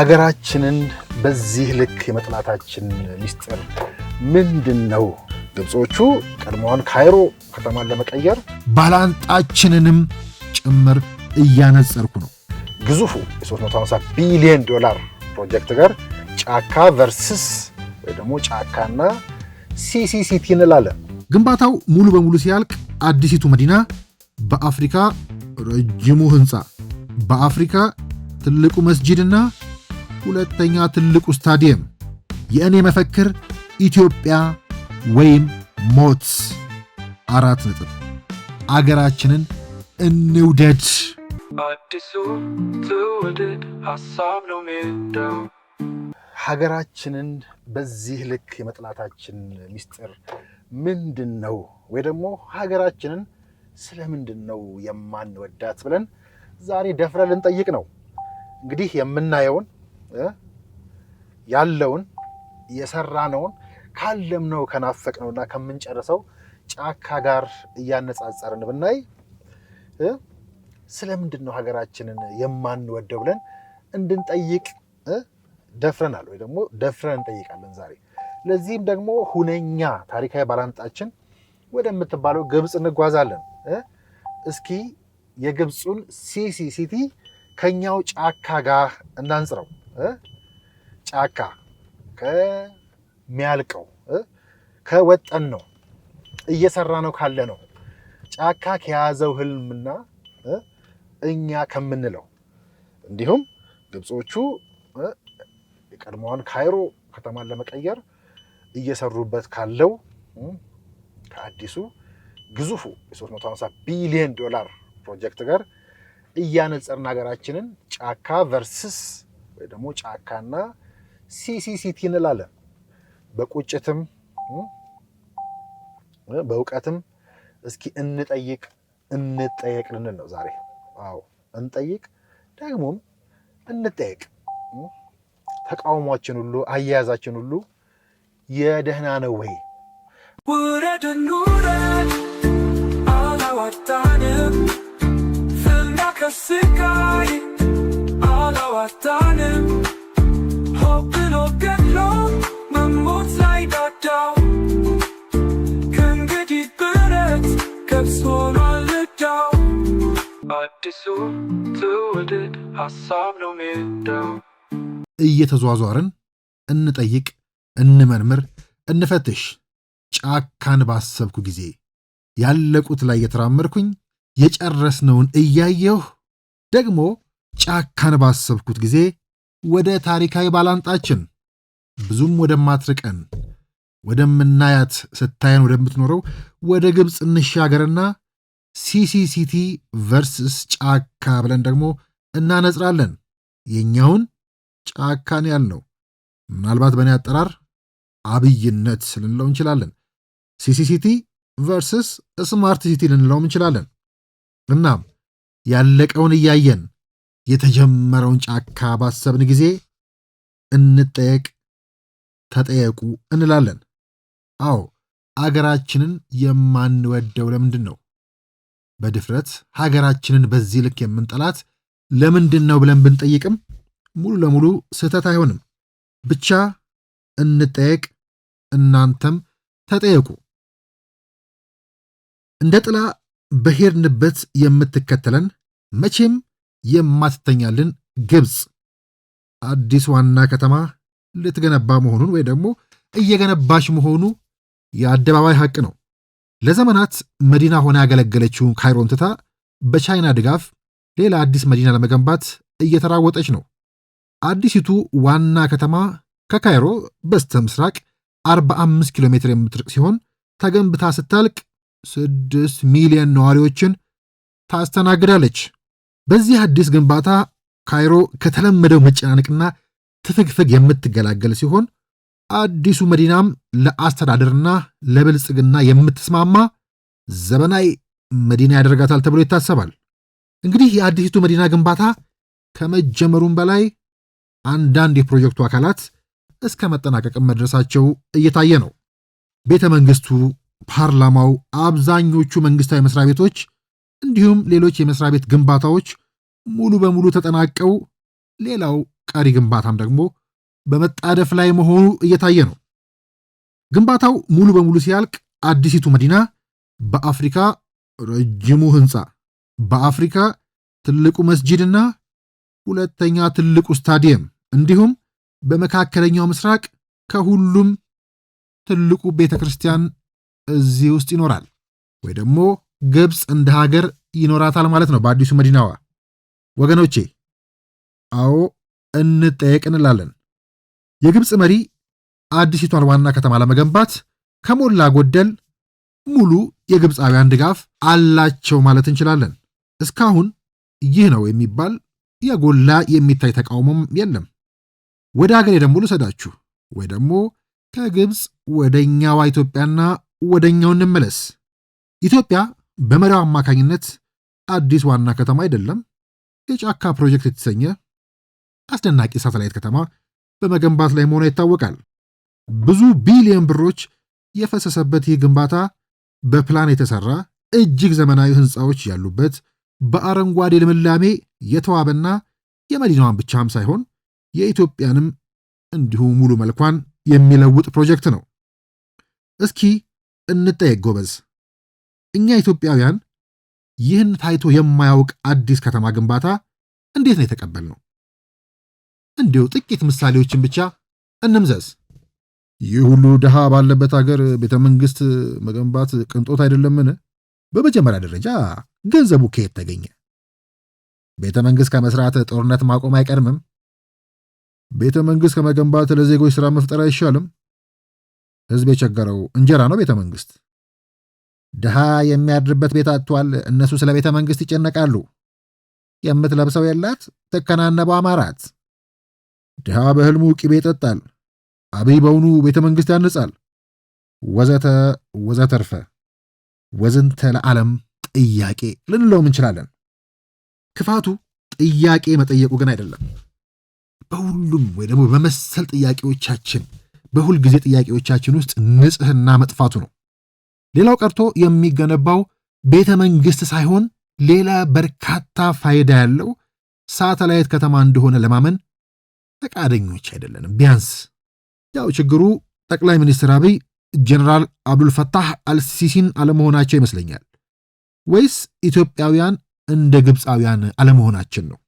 ሀገራችንን በዚህ ልክ የመጥላታችን ሚስጥር ምንድን ነው? ግብጾቹ ቀድሞዋን ካይሮ ከተማን ለመቀየር ባላንጣችንንም ጭምር እያነጸርኩ ነው። ግዙፉ የ350 ቢሊዮን ዶላር ፕሮጀክት ጋር ጫካ ቨርስስ ወይ ደግሞ ጫካና ሲሲሲቲ እንላለን። ግንባታው ሙሉ በሙሉ ሲያልቅ አዲሲቱ መዲና በአፍሪካ ረጅሙ ህንፃ፣ በአፍሪካ ትልቁ መስጂድና ሁለተኛ ትልቁ ስታዲየም የእኔ መፈክር ኢትዮጵያ ወይም ሞት። አራት ነጥብ አገራችንን እንውደድ። አዲሱ ትውልድ ሀሳብ ነው ሜዳው። ሀገራችንን በዚህ ልክ የመጥላታችን ሚስጥር ምንድን ነው? ወይ ደግሞ ሀገራችንን ስለምንድን ነው የማንወዳት ብለን ዛሬ ደፍረ ልንጠይቅ ነው። እንግዲህ የምናየውን ያለውን የሰራ ነውን ካለም ከናፈቅ ነው እና ከምንጨርሰው ጫካ ጋር እያነጻጸርን ብናይ ስለምንድን ነው ሀገራችንን የማንወደው ብለን እንድንጠይቅ ደፍረናል፣ ወይ ደግሞ ደፍረን እንጠይቃለን ዛሬ። ለዚህም ደግሞ ሁነኛ ታሪካዊ ባላንጣችን ወደምትባለው ግብፅ እንጓዛለን። እስኪ የግብፁን ሲሲሲቲ ከኛው ጫካ ጋር እናንጽረው። ጫካ ከሚያልቀው ከወጠን ነው እየሰራ ነው ካለ ነው ጫካ ከያዘው ህልምና እኛ ከምንለው እንዲሁም ግብጾቹ የቀድሞዋን ካይሮ ከተማን ለመቀየር እየሰሩበት ካለው ከአዲሱ ግዙፉ የ350 ቢሊዮን ዶላር ፕሮጀክት ጋር እያነጸርን ሀገራችንን ጫካ ቨርስስ ደግሞ ጫካና ሲሲሲቲ እንላለን። በቁጭትም በእውቀትም እስኪ እንጠይቅ እንጠየቅ ልንል ነው ዛሬ። አዎ እንጠይቅ፣ ደግሞም እንጠየቅ። ተቃውሟችን ሁሉ አያያዛችን ሁሉ የደህና ነው ወይ? ውረድ እንውረድ፣ አላዋጣንም ፍና ከስቃይ አላዋጣ ትውልድ ሀሳብ ነው ሜዳው። እየተዟዟርን እንጠይቅ፣ እንመርምር፣ እንፈትሽ። ጫካን ባሰብኩ ጊዜ ያለቁት ላይ እየተራመድኩኝ የጨረስነውን እያየሁ ደግሞ ጫካን ባሰብኩት ጊዜ ወደ ታሪካዊ ባላንጣችን ብዙም ወደማትርቀን ወደምናያት ስታየን ወደምትኖረው ወደ ግብፅ እንሻገርና ሲሲሲቲ ቨርስስ ጫካ ብለን ደግሞ እናነጽራለን። የእኛውን ጫካን ያልነው ምናልባት በእኔ አጠራር አብይነት ልንለው እንችላለን። ሲሲሲቲ ቨርስስ ስማርት ሲቲ ልንለውም እንችላለን። እናም ያለቀውን እያየን የተጀመረውን ጫካ ባሰብን ጊዜ እንጠየቅ፣ ተጠየቁ እንላለን። አዎ አገራችንን የማንወደው ለምንድን ነው? በድፍረት ሀገራችንን በዚህ ልክ የምንጠላት ለምንድን ነው ብለን ብንጠይቅም ሙሉ ለሙሉ ስህተት አይሆንም። ብቻ እንጠየቅ፣ እናንተም ተጠየቁ። እንደ ጥላ በሄድንበት የምትከተለን መቼም የማትተኛልን ግብፅ አዲስ ዋና ከተማ ልትገነባ መሆኑን ወይ ደግሞ እየገነባች መሆኑ የአደባባይ ሐቅ ነው። ለዘመናት መዲና ሆና ያገለገለችው ካይሮን ትታ በቻይና ድጋፍ ሌላ አዲስ መዲና ለመገንባት እየተራወጠች ነው። አዲሲቱ ዋና ከተማ ከካይሮ በስተ ምስራቅ 45 ኪሎ ሜትር የምትርቅ ሲሆን ተገንብታ ስታልቅ 6 ሚሊዮን ነዋሪዎችን ታስተናግዳለች። በዚህ አዲስ ግንባታ ካይሮ ከተለመደው መጨናነቅና ትፍግፍግ የምትገላገል ሲሆን አዲሱ መዲናም ለአስተዳደርና ለብልጽግና የምትስማማ ዘመናዊ መዲና ያደርጋታል ተብሎ ይታሰባል። እንግዲህ የአዲሲቱ መዲና ግንባታ ከመጀመሩም በላይ አንዳንድ የፕሮጀክቱ አካላት እስከ መጠናቀቅም መድረሳቸው እየታየ ነው። ቤተ መንግስቱ፣ ፓርላማው፣ አብዛኞቹ መንግስታዊ መስሪያ ቤቶች እንዲሁም ሌሎች የመስሪያ ቤት ግንባታዎች ሙሉ በሙሉ ተጠናቀው ሌላው ቀሪ ግንባታም ደግሞ በመጣደፍ ላይ መሆኑ እየታየ ነው። ግንባታው ሙሉ በሙሉ ሲያልቅ አዲሲቱ መዲና በአፍሪካ ረጅሙ ህንፃ፣ በአፍሪካ ትልቁ መስጂድና እና ሁለተኛ ትልቁ ስታዲየም እንዲሁም በመካከለኛው ምስራቅ ከሁሉም ትልቁ ቤተ ክርስቲያን እዚህ ውስጥ ይኖራል ወይ ደግሞ ግብፅ እንደ ሀገር ይኖራታል ማለት ነው በአዲሱ መዲናዋ። ወገኖቼ አዎ እንጠየቅ እንላለን። የግብፅ መሪ አዲሲቷን ዋና ከተማ ለመገንባት ከሞላ ጎደል ሙሉ የግብፃውያን ድጋፍ አላቸው ማለት እንችላለን። እስካሁን ይህ ነው የሚባል የጎላ የሚታይ ተቃውሞም የለም። ወደ ሀገር ደግሞ ልውሰዳችሁ ወይ ደግሞ ከግብፅ ወደኛዋ ኢትዮጵያና ወደኛው እንመለስ። ኢትዮጵያ በመሪያው አማካኝነት አዲስ ዋና ከተማ አይደለም፣ የጫካ ፕሮጀክት የተሰኘ አስደናቂ ሳተላይት ከተማ በመገንባት ላይ መሆኑ ይታወቃል። ብዙ ቢሊዮን ብሮች የፈሰሰበት ይህ ግንባታ በፕላን የተሰራ እጅግ ዘመናዊ ህንፃዎች ያሉበት በአረንጓዴ ልምላሜ የተዋበና የመዲናዋን ብቻም ሳይሆን የኢትዮጵያንም እንዲሁ ሙሉ መልኳን የሚለውጥ ፕሮጀክት ነው። እስኪ እንጠየቅ ጎበዝ፣ እኛ ኢትዮጵያውያን ይህን ታይቶ የማያውቅ አዲስ ከተማ ግንባታ እንዴት ነው የተቀበልነው? እንዲሁ ጥቂት ምሳሌዎችን ብቻ እንምዘዝ። ይህ ሁሉ ድሃ ባለበት አገር ቤተ መንግሥት መገንባት ቅንጦት አይደለምን? በመጀመሪያ ደረጃ ገንዘቡ ከየት ተገኘ? ቤተ መንግሥት ከመስራት ጦርነት ማቆም አይቀድምም? ቤተ መንግሥት ከመገንባት ለዜጎች ሥራ መፍጠር አይሻልም? ሕዝብ የቸገረው እንጀራ ነው ቤተ መንግሥት። ድሃ የሚያድርበት ቤት አጥቷል። እነሱ ስለ ቤተ መንግሥት ይጨነቃሉ። የምትለብሰው የላት፣ ትከናነበው አማራት። ድሃ በሕልሙ ቂቤ ይጠጣል፣ አብይ በውኑ ቤተ መንግሥት ያንጻል፣ ወዘተ ወዘተርፈ ወዝንተ ለዓለም ጥያቄ ልንለውም እንችላለን። ክፋቱ ጥያቄ መጠየቁ ግን አይደለም። በሁሉም ወይ ደግሞ በመሰል ጥያቄዎቻችን በሁል ጊዜ ጥያቄዎቻችን ውስጥ ንጽህና መጥፋቱ ነው። ሌላው ቀርቶ የሚገነባው ቤተ መንግሥት ሳይሆን ሌላ በርካታ ፋይዳ ያለው ሳተላይት ከተማ እንደሆነ ለማመን ፈቃደኞች አይደለንም። ቢያንስ ያው ችግሩ ጠቅላይ ሚኒስትር አብይ ጀኔራል አብዱልፈታህ አልሲሲን አለመሆናቸው ይመስለኛል። ወይስ ኢትዮጵያውያን እንደ ግብፃውያን አለመሆናችን ነው?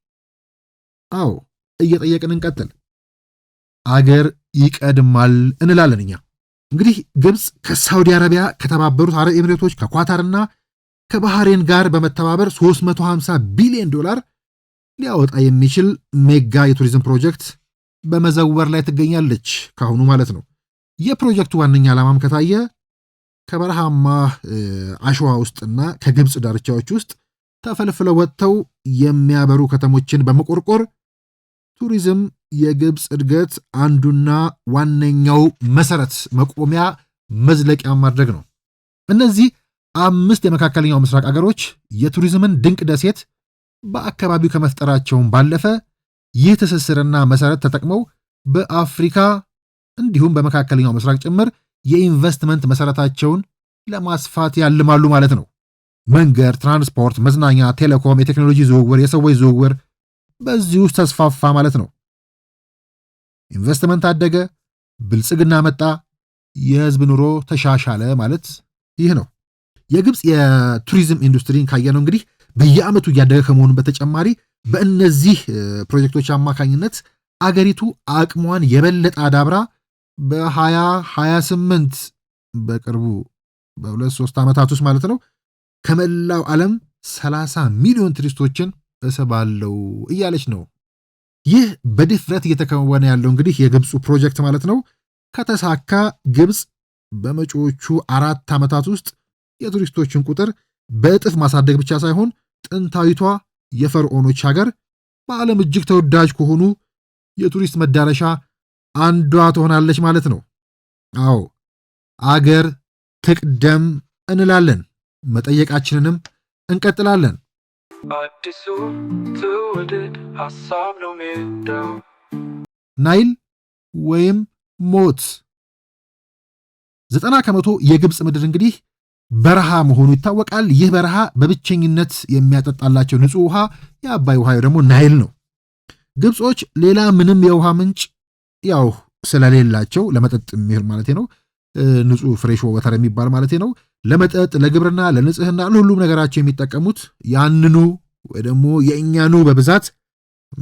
አዎ እየጠየቅን እንቀጥል። አገር ይቀድማል እንላለን እኛ። እንግዲህ ግብፅ ከሳውዲ አረቢያ፣ ከተባበሩት አረብ ኤምሬቶች፣ ከኳታርና ከባህሬን ጋር በመተባበር 350 ቢሊዮን ዶላር ሊያወጣ የሚችል ሜጋ የቱሪዝም ፕሮጀክት በመዘወር ላይ ትገኛለች፣ ካሁኑ ማለት ነው። የፕሮጀክቱ ዋነኛ ዓላማም ከታየ ከበረሃማ አሸዋ ውስጥና ከግብፅ ዳርቻዎች ውስጥ ተፈልፍለው ወጥተው የሚያበሩ ከተሞችን በመቆርቆር ቱሪዝም የግብፅ እድገት አንዱና ዋነኛው መሰረት መቆሚያ መዝለቂያ ማድረግ ነው። እነዚህ አምስት የመካከለኛው ምስራቅ አገሮች የቱሪዝምን ድንቅ ደሴት በአካባቢው ከመፍጠራቸውን ባለፈ ይህ ትስስርና መሰረት ተጠቅመው በአፍሪካ እንዲሁም በመካከለኛው ምስራቅ ጭምር የኢንቨስትመንት መሰረታቸውን ለማስፋት ያልማሉ ማለት ነው። መንገድ፣ ትራንስፖርት፣ መዝናኛ፣ ቴሌኮም፣ የቴክኖሎጂ ዝውውር፣ የሰዎች ዝውውር በዚህ ውስጥ ተስፋፋ ማለት ነው። ኢንቨስትመንት አደገ፣ ብልጽግና መጣ፣ የህዝብ ኑሮ ተሻሻለ ማለት ይህ ነው። የግብፅ የቱሪዝም ኢንዱስትሪን ካየነው እንግዲህ በየዓመቱ እያደገ ከመሆኑ በተጨማሪ በእነዚህ ፕሮጀክቶች አማካኝነት አገሪቱ አቅሟን የበለጠ አዳብራ በ2028 በቅርቡ በሁለት ሶስት ዓመታት ውስጥ ማለት ነው ከመላው ዓለም 30 ሚሊዮን ቱሪስቶችን እስባለው እያለች ነው። ይህ በድፍረት እየተከወነ ያለው እንግዲህ የግብፁ ፕሮጀክት ማለት ነው። ከተሳካ ግብፅ በመጪዎቹ አራት ዓመታት ውስጥ የቱሪስቶችን ቁጥር በእጥፍ ማሳደግ ብቻ ሳይሆን ጥንታዊቷ የፈርዖኖች ሀገር በዓለም እጅግ ተወዳጅ ከሆኑ የቱሪስት መዳረሻ አንዷ ትሆናለች ማለት ነው። አዎ አገር ትቅደም እንላለን፣ መጠየቃችንንም እንቀጥላለን። አዲሱ ትውልድ ሀሳብ ነው ሜዳው። ናይል ወይም ሞት ዘጠና ከመቶ የግብፅ ምድር እንግዲህ በረሃ መሆኑ ይታወቃል። ይህ በረሃ በብቸኝነት የሚያጠጣላቸው ንጹህ ውሃ የአባይ ውሃ ደግሞ ናይል ነው። ግብጾች ሌላ ምንም የውሃ ምንጭ ያው ስለሌላቸው ለመጠጥ የሚል ማለት ነው ንጹህ ፍሬሽ ወተር የሚባል ማለት ነው ለመጠጥ ለግብርና፣ ለንጽህና፣ ለሁሉም ነገራቸው የሚጠቀሙት ያንኑ ወይ ደግሞ የእኛኑ በብዛት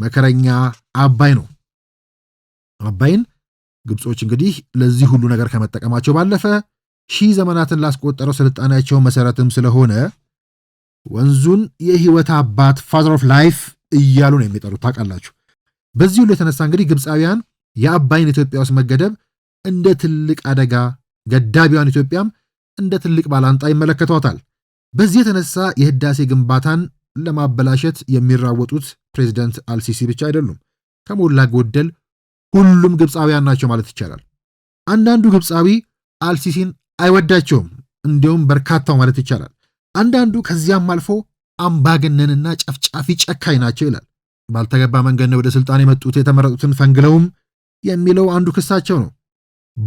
መከረኛ አባይ ነው። አባይን ግብጾች እንግዲህ ለዚህ ሁሉ ነገር ከመጠቀማቸው ባለፈ ሺህ ዘመናትን ላስቆጠረው ስልጣኔያቸው መሰረትም ስለሆነ ወንዙን የህይወት አባት ፋዘር ኦፍ ላይፍ እያሉ ነው የሚጠሩት። ታውቃላችሁ። በዚህ ሁሉ የተነሳ እንግዲህ ግብፃውያን የአባይን ኢትዮጵያ ውስጥ መገደብ እንደ ትልቅ አደጋ፣ ገዳቢዋን ኢትዮጵያም እንደ ትልቅ ባላንጣ ይመለከቷታል። በዚህ የተነሳ የህዳሴ ግንባታን ለማበላሸት የሚራወጡት ፕሬዚደንት አልሲሲ ብቻ አይደሉም። ከሞላ ጎደል ሁሉም ግብፃውያን ናቸው ማለት ይቻላል። አንዳንዱ ግብፃዊ አልሲሲን አይወዳቸውም። እንዲሁም በርካታው ማለት ይቻላል። አንዳንዱ ከዚያም አልፎ አምባገነንና ጨፍጫፊ ጨካኝ ናቸው ይላል። ባልተገባ መንገድ ነው ወደ ስልጣን የመጡት የተመረጡትን ፈንግለውም የሚለው አንዱ ክሳቸው ነው።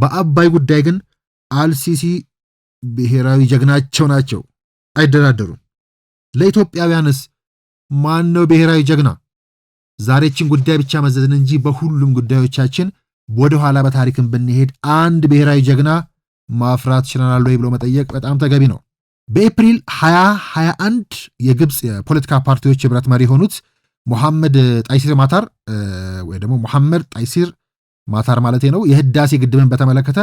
በአባይ ጉዳይ ግን አልሲሲ ብሔራዊ ጀግናቸው ናቸው፣ አይደራደሩም። ለኢትዮጵያውያንስ ማን ነው ብሔራዊ ጀግና? ዛሬችን ጉዳይ ብቻ መዘዝን እንጂ በሁሉም ጉዳዮቻችን ወደኋላ በታሪክን ብንሄድ አንድ ብሔራዊ ጀግና ማፍራት ችለናል ወይ ብሎ መጠየቅ በጣም ተገቢ ነው። በኤፕሪል 2021 የግብፅ የፖለቲካ ፓርቲዎች ህብረት መሪ የሆኑት ሞሐመድ ጣይሲር ማታር ወይ ደግሞ ሞሐመድ ጣይሲር ማታር ማለት ነው የህዳሴ ግድብን በተመለከተ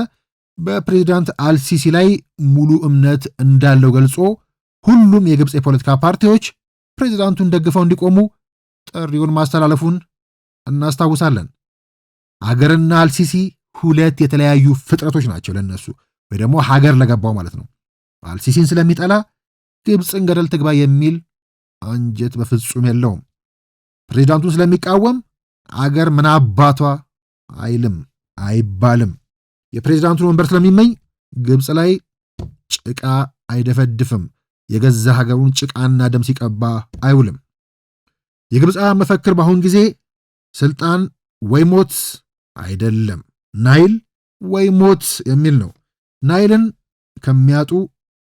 በፕሬዚዳንት አልሲሲ ላይ ሙሉ እምነት እንዳለው ገልጾ ሁሉም የግብፅ የፖለቲካ ፓርቲዎች ፕሬዚዳንቱን ደግፈው እንዲቆሙ ጥሪውን ማስተላለፉን እናስታውሳለን። አገርና አልሲሲ ሁለት የተለያዩ ፍጥረቶች ናቸው ለነሱ ወይ ደግሞ ሀገር ለገባው ማለት ነው። አልሲሲን ስለሚጠላ ግብፅን ገደል ትግባ የሚል አንጀት በፍጹም የለውም። ፕሬዚዳንቱን ስለሚቃወም አገር አባቷ አይልም አይባልም። የፕሬዚዳንቱን ወንበር ስለሚመኝ ግብፅ ላይ ጭቃ አይደፈድፍም። የገዛ ሀገሩን ጭቃና ደም ሲቀባ አይውልም። የግብፃውያን መፈክር በአሁን ጊዜ ስልጣን ወይ ሞት አይደለም፣ ናይል ወይ ሞት የሚል ነው። ናይልን ከሚያጡ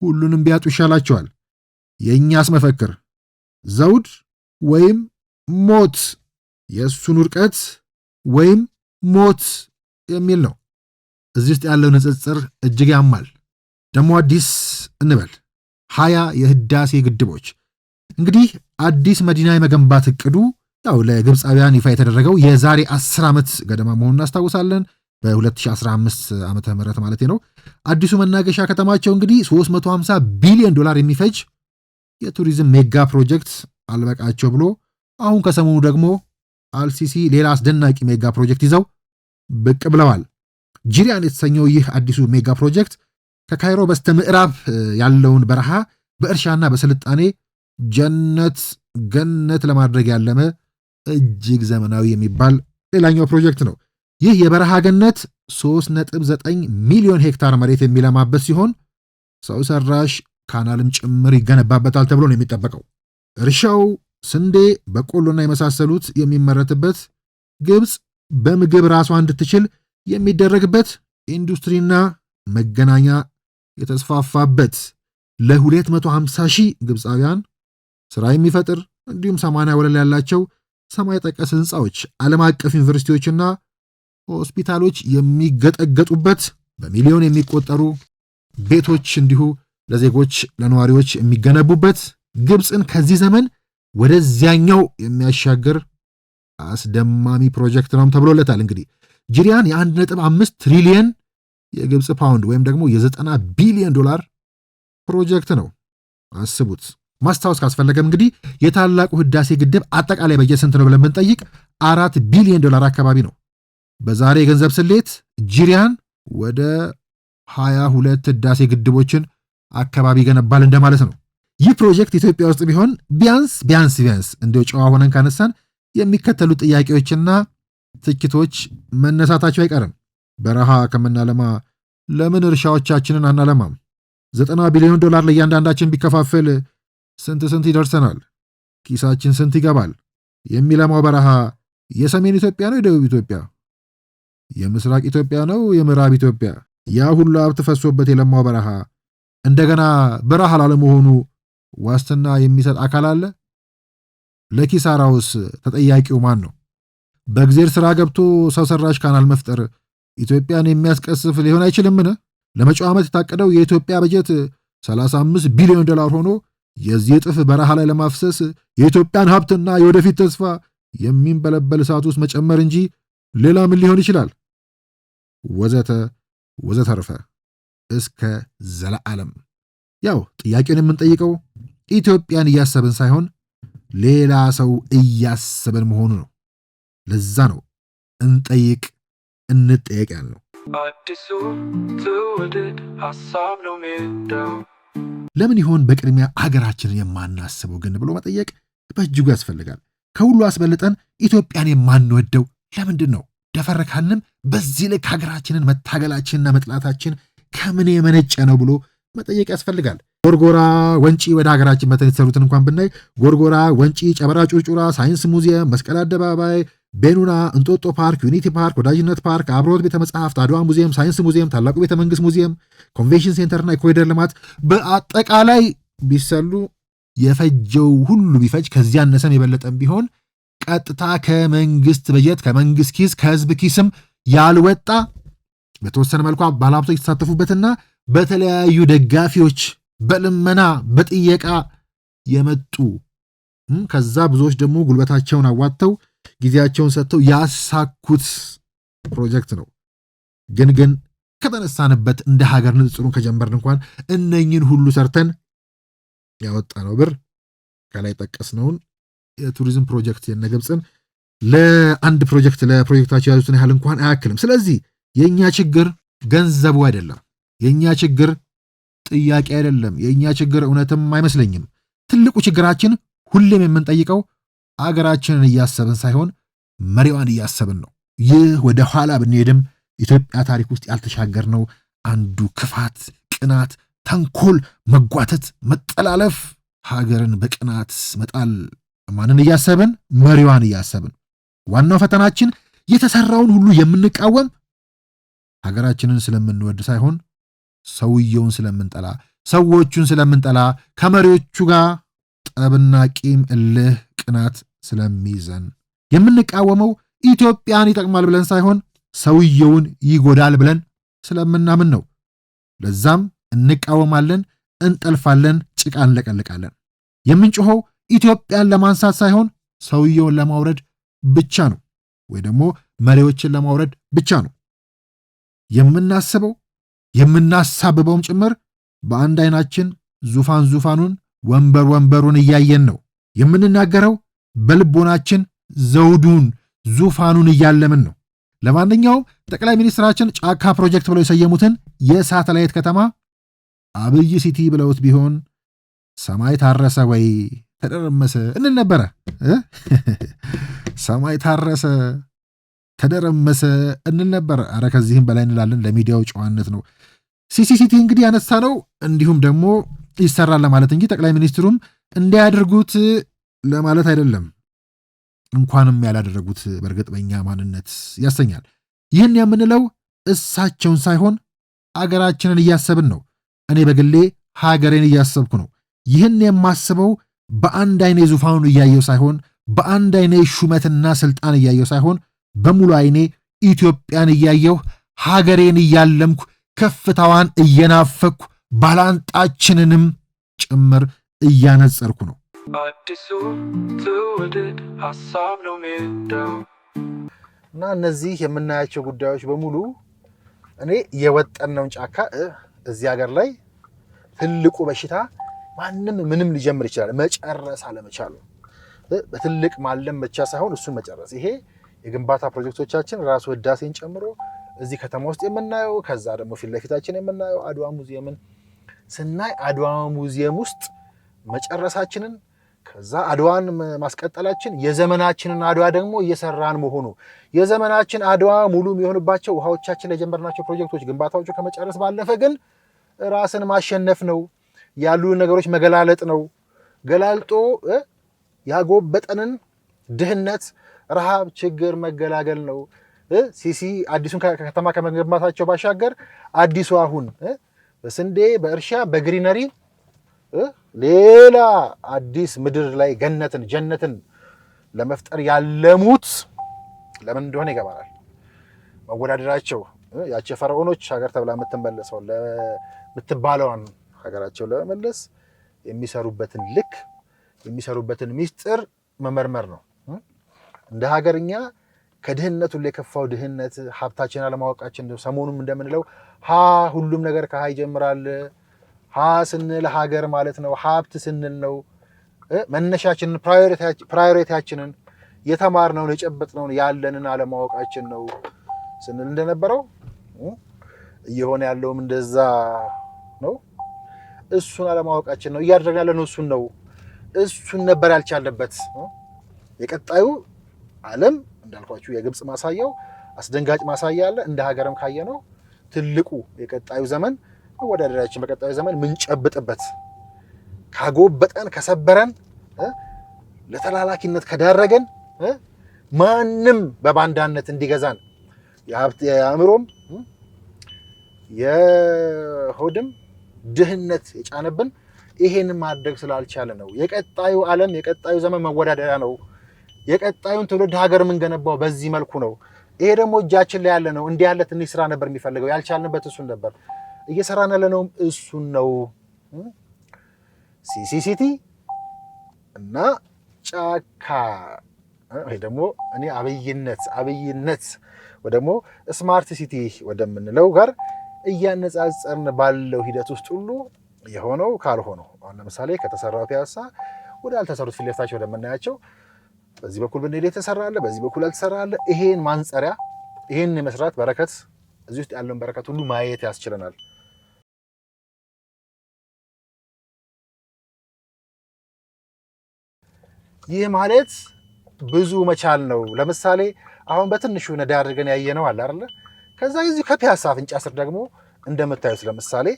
ሁሉንም ቢያጡ ይሻላቸዋል። የእኛስ መፈክር ዘውድ ወይም ሞት፣ የእሱን ውድቀት ወይም ሞት የሚል ነው። እዚህ ውስጥ ያለው ንጽጽር እጅግ ያማል። ደግሞ አዲስ እንበል ሀያ የህዳሴ ግድቦች እንግዲህ አዲስ መዲና የመገንባት እቅዱ ያው ለግብፃውያን ይፋ የተደረገው የዛሬ አስር ዓመት ገደማ መሆኑን እናስታውሳለን። በ2015 ዓ ም ማለት ነው። አዲሱ መናገሻ ከተማቸው እንግዲህ 350 ቢሊዮን ዶላር የሚፈጅ የቱሪዝም ሜጋ ፕሮጀክት አልበቃቸው ብሎ አሁን ከሰሞኑ ደግሞ አልሲሲ ሌላ አስደናቂ ሜጋ ፕሮጀክት ይዘው ብቅ ብለዋል። ጂሪያን የተሰኘው ይህ አዲሱ ሜጋ ፕሮጀክት ከካይሮ በስተ ምዕራብ ያለውን በረሃ በእርሻና በስልጣኔ ጀነት ገነት ለማድረግ ያለመ እጅግ ዘመናዊ የሚባል ሌላኛው ፕሮጀክት ነው። ይህ የበረሃ ገነት 3.9 ሚሊዮን ሄክታር መሬት የሚለማበት ሲሆን ሰው ሰራሽ ካናልም ጭምር ይገነባበታል ተብሎ ነው የሚጠበቀው። እርሻው ስንዴ፣ በቆሎና የመሳሰሉት የሚመረትበት፣ ግብፅ በምግብ ራሷ እንድትችል የሚደረግበት፣ ኢንዱስትሪና መገናኛ የተስፋፋበት ለ250 ሺህ ግብፃውያን ስራ የሚፈጥር እንዲሁም ሰማንያ ወለል ያላቸው ሰማይ ጠቀስ ህንፃዎች፣ ዓለም አቀፍ ዩኒቨርሲቲዎችና ሆስፒታሎች የሚገጠገጡበት በሚሊዮን የሚቆጠሩ ቤቶች እንዲሁ ለዜጎች ለነዋሪዎች የሚገነቡበት ግብፅን ከዚህ ዘመን ወደዚያኛው የሚያሻግር አስደማሚ ፕሮጀክት ነው ተብሎለታል። እንግዲህ ጅሪያን የ1.5 ትሪሊየን የግብፅ ፓውንድ ወይም ደግሞ የዘጠና ቢሊዮን ዶላር ፕሮጀክት ነው። አስቡት። ማስታወስ ካስፈለገም እንግዲህ የታላቁ ህዳሴ ግድብ አጠቃላይ በጀት ስንት ነው ብለን ብንጠይቅ አራት ቢሊዮን ዶላር አካባቢ ነው። በዛሬ የገንዘብ ስሌት ጂሪያን ወደ 22 ህዳሴ ግድቦችን አካባቢ ይገነባል እንደማለት ነው። ይህ ፕሮጀክት ኢትዮጵያ ውስጥ ቢሆን ቢያንስ ቢያንስ ቢያንስ እንዲሁ ጨዋ ሆነን ካነሳን የሚከተሉ ጥያቄዎችና ትችቶች መነሳታቸው አይቀርም። በረሃ ከምናለማ ለምን እርሻዎቻችንን አናለማም? ዘጠና ቢሊዮን ዶላር ለእያንዳንዳችን ቢከፋፍል ስንት ስንት ይደርሰናል? ኪሳችን ስንት ይገባል? የሚለማው በረሃ የሰሜን ኢትዮጵያ ነው የደቡብ ኢትዮጵያ የምስራቅ ኢትዮጵያ ነው የምዕራብ ኢትዮጵያ? ያ ሁሉ ሀብት ፈሶበት የለማው በረሃ እንደገና በረሃ ላለመሆኑ ዋስትና የሚሰጥ አካል አለ? ለኪሳራውስ ተጠያቂው ማን ነው? በእግዜር ስራ ገብቶ ሰው ሰራሽ ካናል መፍጠር ኢትዮጵያን የሚያስቀስፍ ሊሆን አይችልምን? ለመጪው ዓመት የታቀደው የኢትዮጵያ በጀት 35 ቢሊዮን ዶላር ሆኖ የዚህ እጥፍ በረሃ ላይ ለማፍሰስ የኢትዮጵያን ሀብትና የወደፊት ተስፋ የሚንበለበል እሳት ውስጥ መጨመር እንጂ ሌላ ምን ሊሆን ይችላል? ወዘተ ወዘተርፈ እስከ ዘለዓለም። ያው ጥያቄውን የምንጠይቀው ኢትዮጵያን እያሰብን ሳይሆን ሌላ ሰው እያሰበን መሆኑ ነው። ለዛ ነው እንጠይቅ እንጠየቅ ያልነው። አዲሱ ትውልድ ሀሳብ ነው ሜዳው። ለምን ይሆን በቅድሚያ አገራችንን የማናስበው ግን ብሎ መጠየቅ በእጅጉ ያስፈልጋል። ከሁሉ አስበልጠን ኢትዮጵያን የማንወደው ለምንድን ነው? ደፈር ካልንም በዚህ ልክ ሀገራችንን መታገላችንና መጥላታችን ከምን የመነጨ ነው ብሎ መጠየቅ ያስፈልጋል። ጎርጎራ ወንጪ ወደ ሀገራችን መተን የተሰሩትን እንኳን ብናይ ጎርጎራ ወንጪ፣ ጨበራ ጩርጩራ፣ ሳይንስ ሙዚየም፣ መስቀል አደባባይ፣ ቤኑና፣ እንጦጦ ፓርክ፣ ዩኒቲ ፓርክ፣ ወዳጅነት ፓርክ፣ አብሮት ቤተ መጽሐፍት፣ አድዋ ሙዚየም፣ ሳይንስ ሙዚየም፣ ታላቁ ቤተ መንግስት ሙዚየም፣ ኮንቬንሽን ሴንተርና የኮሪደር ልማት በአጠቃላይ ቢሰሉ የፈጀው ሁሉ ቢፈጅ ከዚያ አነሰም የበለጠም ቢሆን ቀጥታ ከመንግስት በጀት ከመንግስት ኪስ ከህዝብ ኪስም ያልወጣ በተወሰነ መልኩ ባለሀብቶች የተሳተፉበትና በተለያዩ ደጋፊዎች በልመና በጥየቃ የመጡ ከዛ ብዙዎች ደግሞ ጉልበታቸውን አዋጥተው ጊዜያቸውን ሰጥተው ያሳኩት ፕሮጀክት ነው። ግን ግን ከተነሳንበት እንደ ሀገር ንጽጽሩን ከጀመርን እንኳን እነኝን ሁሉ ሰርተን ያወጣነው ብር ከላይ ጠቀስነውን የቱሪዝም ፕሮጀክት የነ ግብፅን ለአንድ ፕሮጀክት ለፕሮጀክታቸው ያዙትን ያህል እንኳን አያክልም። ስለዚህ የእኛ ችግር ገንዘቡ አይደለም። የእኛ ችግር ጥያቄ አይደለም። የእኛ ችግር እውነትም አይመስለኝም። ትልቁ ችግራችን ሁሌም የምንጠይቀው አገራችንን እያሰብን ሳይሆን መሪዋን እያሰብን ነው። ይህ ወደ ኋላ ብንሄድም ኢትዮጵያ ታሪክ ውስጥ ነው አንዱ ክፋት፣ ቅናት፣ ተንኮል፣ መጓተት፣ መጠላለፍ፣ ሀገርን በቅናት መጣል ማንን እያሰብን? መሪዋን እያሰብን። ዋናው ፈተናችን የተሰራውን ሁሉ የምንቃወም ሀገራችንን ስለምንወድ ሳይሆን ሰውየውን ስለምንጠላ፣ ሰዎቹን ስለምንጠላ፣ ከመሪዎቹ ጋር ጠብና ቂም፣ እልህ፣ ቅናት ስለሚይዘን የምንቃወመው ኢትዮጵያን ይጠቅማል ብለን ሳይሆን ሰውየውን ይጎዳል ብለን ስለምናምን ነው። ለዛም እንቃወማለን፣ እንጠልፋለን፣ ጭቃ እንለቀልቃለን። የምንጮኸው ኢትዮጵያን ለማንሳት ሳይሆን ሰውየውን ለማውረድ ብቻ ነው፣ ወይ ደግሞ መሪዎችን ለማውረድ ብቻ ነው የምናስበው የምናሳብበውም ጭምር። በአንድ አይናችን ዙፋን ዙፋኑን ወንበር ወንበሩን እያየን ነው የምንናገረው። በልቦናችን ዘውዱን ዙፋኑን እያለምን ነው። ለማንኛውም ጠቅላይ ሚኒስትራችን ጫካ ፕሮጀክት ብለው የሰየሙትን የሳተላይት ከተማ አብይ ሲቲ ብለውት ቢሆን ሰማይ ታረሰ ወይ? ተደረመሰ እንል ነበረ። ሰማይ ታረሰ ተደረመሰ እንል ነበረ። አረ ከዚህም በላይ እንላለን። ለሚዲያው ጨዋነት ነው። ሲሲሲቲ እንግዲህ ያነሳ ነው። እንዲሁም ደግሞ ይሰራል ለማለት እንጂ ጠቅላይ ሚኒስትሩም እንዳያደርጉት ለማለት አይደለም። እንኳንም ያላደረጉት በእርግጥ በእኛ ማንነት ያሰኛል። ይህን የምንለው እሳቸውን ሳይሆን አገራችንን እያሰብን ነው። እኔ በግሌ ሀገሬን እያሰብኩ ነው። ይህን የማስበው በአንድ አይኔ ዙፋኑን እያየው ሳይሆን በአንድ አይኔ ሹመትና ስልጣን እያየው ሳይሆን በሙሉ አይኔ ኢትዮጵያን እያየው ሀገሬን እያለምኩ ከፍታዋን እየናፈኩ ባላንጣችንንም ጭምር እያነጸርኩ ነው። አዲሱ ትውልድ ሀሳብ ነው ሜዳው እና እነዚህ የምናያቸው ጉዳዮች በሙሉ እኔ የወጠን ጫካ እዚህ ሀገር ላይ ትልቁ በሽታ ማንም ምንም ሊጀምር ይችላል። መጨረስ አለመቻሉ በትልቅ ማለም ብቻ ሳይሆን እሱን መጨረስ። ይሄ የግንባታ ፕሮጀክቶቻችን ራሱ ህዳሴን ጨምሮ እዚህ ከተማ ውስጥ የምናየው ከዛ ደግሞ ፊት ለፊታችን የምናየው አድዋ ሙዚየምን ስናይ አድዋ ሙዚየም ውስጥ መጨረሳችንን ከዛ አድዋን ማስቀጠላችን የዘመናችንን አድዋ ደግሞ እየሰራን መሆኑ የዘመናችን አድዋ ሙሉ የሚሆንባቸው ውሃዎቻችን ለጀመርናቸው ፕሮጀክቶች ግንባታዎቹ ከመጨረስ ባለፈ ግን ራስን ማሸነፍ ነው። ያሉ ነገሮች መገላለጥ ነው። ገላልጦ ያጎበጠንን ድህነት፣ ረሃብ፣ ችግር መገላገል ነው። ሲሲ አዲሱን ከተማ ከመገንባታቸው ባሻገር አዲሱ አሁን በስንዴ በእርሻ በግሪነሪ ሌላ አዲስ ምድር ላይ ገነትን ጀነትን ለመፍጠር ያለሙት ለምን እንደሆነ ይገባናል። መወዳደራቸው ያቺ ፈርዖኖች ሀገር ተብላ የምትመለሰው ለምትባለዋን ሀገራቸውን ለመመለስ የሚሰሩበትን ልክ የሚሰሩበትን ሚስጥር መመርመር ነው። እንደ ሀገርኛ ከድህነቱ ላይ የከፋው ድህነት ሀብታችን አለማወቃችን፣ ሰሞኑም እንደምንለው ሀ ሁሉም ነገር ከሀ ይጀምራል። ሀ ስንል ሀገር ማለት ነው። ሀብት ስንል ነው መነሻችንን ፕራዮሪቲያችንን የተማርነውን የጨበጥነውን ያለንን አለማወቃችን ነው ስንል እንደነበረው እየሆነ ያለውም እንደዛ ነው። እሱን አለማወቃችን ነው። እያደረግን ያለነው እሱን ነው። እሱን ነበር ያልቻለበት። የቀጣዩ ዓለም እንዳልኳችሁ የግብፅ ማሳያው አስደንጋጭ ማሳያ አለ። እንደ ሀገርም ካየ ነው ትልቁ የቀጣዩ ዘመን መወዳደሪያችን በቀጣዩ ዘመን ምንጨብጥበት ካጎበጠን፣ ከሰበረን፣ ለተላላኪነት ከዳረገን ማንም በባንዳነት እንዲገዛን የአእምሮም የሆድም ድህነት የጫነብን ይሄን ማድረግ ስላልቻለ ነው። የቀጣዩ ዓለም የቀጣዩ ዘመን መወዳደሪያ ነው። የቀጣዩን ትውልድ ሀገር የምንገነባው በዚህ መልኩ ነው። ይሄ ደግሞ እጃችን ላይ ያለ ነው። እንዲህ ያለ ትንሽ ስራ ነበር የሚፈልገው፣ ያልቻልንበት እሱን ነበር እየሰራን ያለነውም እሱን ነው። ሲሲሲቲ እና ጫካ ወይ ደግሞ እኔ አብይነት አብይነት ወይ ስማርት ሲቲ ወደምንለው ጋር እያነጻጸርን ባለው ሂደት ውስጥ ሁሉ የሆነው ካልሆነው አሁን ለምሳሌ ከተሰራው ፒያሳ ወደ አልተሰሩት ፊት ለፊታቸው ወደምናያቸው በዚህ በኩል ብንሄድ የተሰራ አለ፣ በዚህ በኩል ያልተሰራ አለ። ይሄን ማንጸሪያ ይሄን የመስራት በረከት እዚህ ውስጥ ያለውን በረከት ሁሉ ማየት ያስችለናል። ይህ ማለት ብዙ መቻል ነው። ለምሳሌ አሁን በትንሹ ነዳ አድርገን ያየነው አለ አይደለ ከዛ ጊዜ ከፒያሳ አፍንጫ ስር ደግሞ እንደምታዩት ለምሳሌ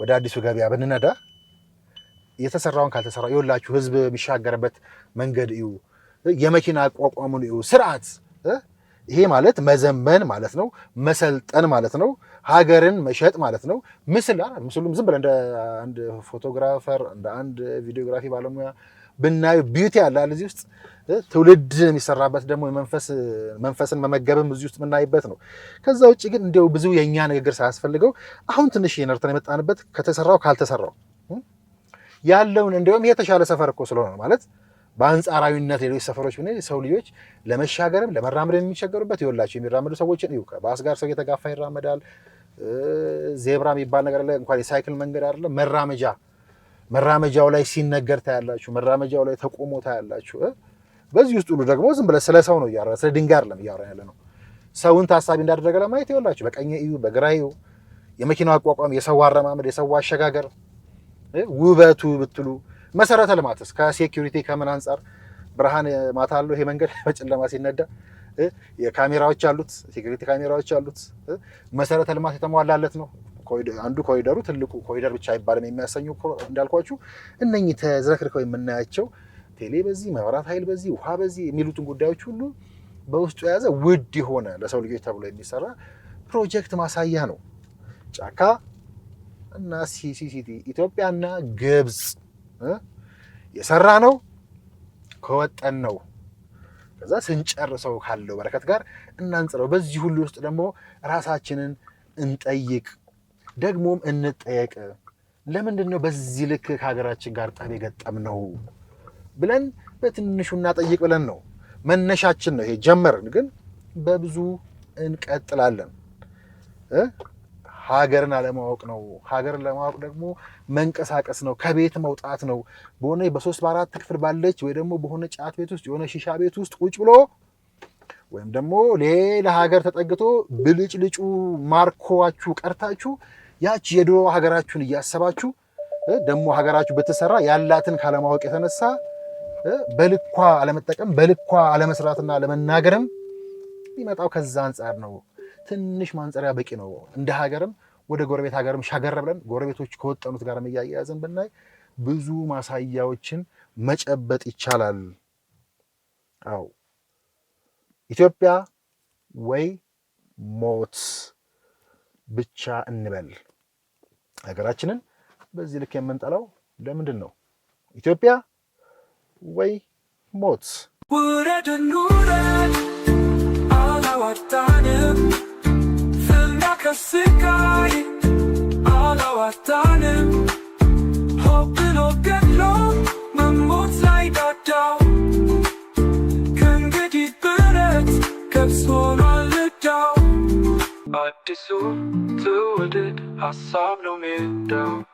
ወደ አዲሱ ገበያ ብንነዳ የተሰራውን ካልተሰራ የወላችሁ ህዝብ የሚሻገርበት መንገድ እዩ፣ የመኪና አቋቋሙን እዩ፣ ስርዓት። ይሄ ማለት መዘመን ማለት ነው፣ መሰልጠን ማለት ነው፣ ሀገርን መሸጥ ማለት ነው። ምስል ምስሉም ዝም ብለህ እንደ አንድ ፎቶግራፈር እንደ አንድ ቪዲዮግራፊ ባለሙያ ብናዩ ቢዩቲ አለ አለ እዚህ ውስጥ ትውልድ የሚሰራበት ደግሞ መንፈስን መመገብም እዚህ ውስጥ የምናይበት ነው። ከዛ ውጭ ግን እንዲያው ብዙ የእኛ ንግግር ሳያስፈልገው አሁን ትንሽ የነርተን የመጣንበት ከተሰራው ካልተሰራው ያለውን እንዲያውም የተሻለ ሰፈር እኮ ስለሆነ ማለት በአንጻራዊነት ሌሎች ሰፈሮች ብንሄድ ሰው ልጆች ለመሻገርም ለመራመድ የሚቸገሩበት ይወላቸው የሚራመዱ ሰዎችን እዩ። ከባስ ጋር ሰው እየተጋፋ ይራመዳል። ዜብራ የሚባል ነገር አለ። እንኳን የሳይክል መንገድ አይደለም መራመጃ መራመጃው ላይ ሲነገር ታያላችሁ። መራመጃው ላይ ተቆሞ ታያላችሁ። በዚህ ውስጥ ሁሉ ደግሞ ዝም ብለህ ስለ ሰው ነው እያወራ ስለ ድንጋይ አይደለም እያወራ ያለ ነው። ሰውን ታሳቢ እንዳደረገ ለማየት ይኸውላችሁ፣ በቀኝ እዩ፣ በግራ እዩ፣ የመኪናው አቋቋም፣ የሰው አረማመድ፣ የሰው አሸጋገር፣ ውበቱ ብትሉ መሰረተ ልማትስ ከሴኪሪቲ ከምን አንጻር ብርሃን ማታ አለው ይሄ መንገድ በጨለማ ሲነዳ የካሜራዎች አሉት፣ ሴኪሪቲ ካሜራዎች አሉት። መሰረተ ልማት የተሟላለት ነው። አንዱ ኮሪደሩ ትልቁ ኮሪደር ብቻ አይባልም የሚያሰኙ እንዳልኳችሁ እነኚህ ተዝረክርከው የምናያቸው ቴሌ በዚህ መብራት ኃይል በዚህ ውሃ በዚህ የሚሉትን ጉዳዮች ሁሉ በውስጡ የያዘ ውድ የሆነ ለሰው ልጆች ተብሎ የሚሰራ ፕሮጀክት ማሳያ ነው። ጫካ እና ሲሲሲቲ ኢትዮጵያና ግብፅ የሰራ ነው ከወጠን ነው ከዛ ስንጨርሰው ካለው በረከት ጋር እናንጽረው። በዚህ ሁሉ ውስጥ ደግሞ ራሳችንን እንጠይቅ። ደግሞም እንጠየቅ። ለምንድን ነው በዚህ ልክ ከሀገራችን ጋር ጠብ የገጠም ነው ብለን በትንሹ እናጠይቅ ብለን ነው መነሻችን ነው። ይሄ ጀመርን፣ ግን በብዙ እንቀጥላለን። ሀገርን አለማወቅ ነው። ሀገርን ለማወቅ ደግሞ መንቀሳቀስ ነው፣ ከቤት መውጣት ነው። በሆነ በሶስት በአራት ክፍል ባለች ወይ ደግሞ በሆነ ጫት ቤት ውስጥ የሆነ ሺሻ ቤት ውስጥ ቁጭ ብሎ ወይም ደግሞ ሌላ ሀገር ተጠግቶ ብልጭልጩ ማርኮዋችሁ ቀርታችሁ ያች የድሮ ሀገራችሁን እያሰባችሁ ደግሞ ሀገራችሁ በተሰራ ያላትን ካለማወቅ የተነሳ በልኳ አለመጠቀም በልኳ አለመስራትና አለመናገርም የሚመጣው ከዛ አንጻር ነው። ትንሽ ማንጸሪያ በቂ ነው። እንደ ሀገርም ወደ ጎረቤት ሀገርም ሻገር ብለን ጎረቤቶች ከወጠኑት ጋር እያያያዝን ብናይ ብዙ ማሳያዎችን መጨበጥ ይቻላል። አዎ ኢትዮጵያ ወይ ሞት ብቻ እንበል። ሀገራችንን በዚህ ልክ የምንጠላው ለምንድን ነው? ኢትዮጵያ ወይ ሞት። ውረድ እንውረድ፣ አላዋጣንም። ከስቃይ አላዋጣንም። ሆብሎ ገድሎ መሞት ከእንግዲህ ብረት ከብሶ Bate surtudet har samlumiddag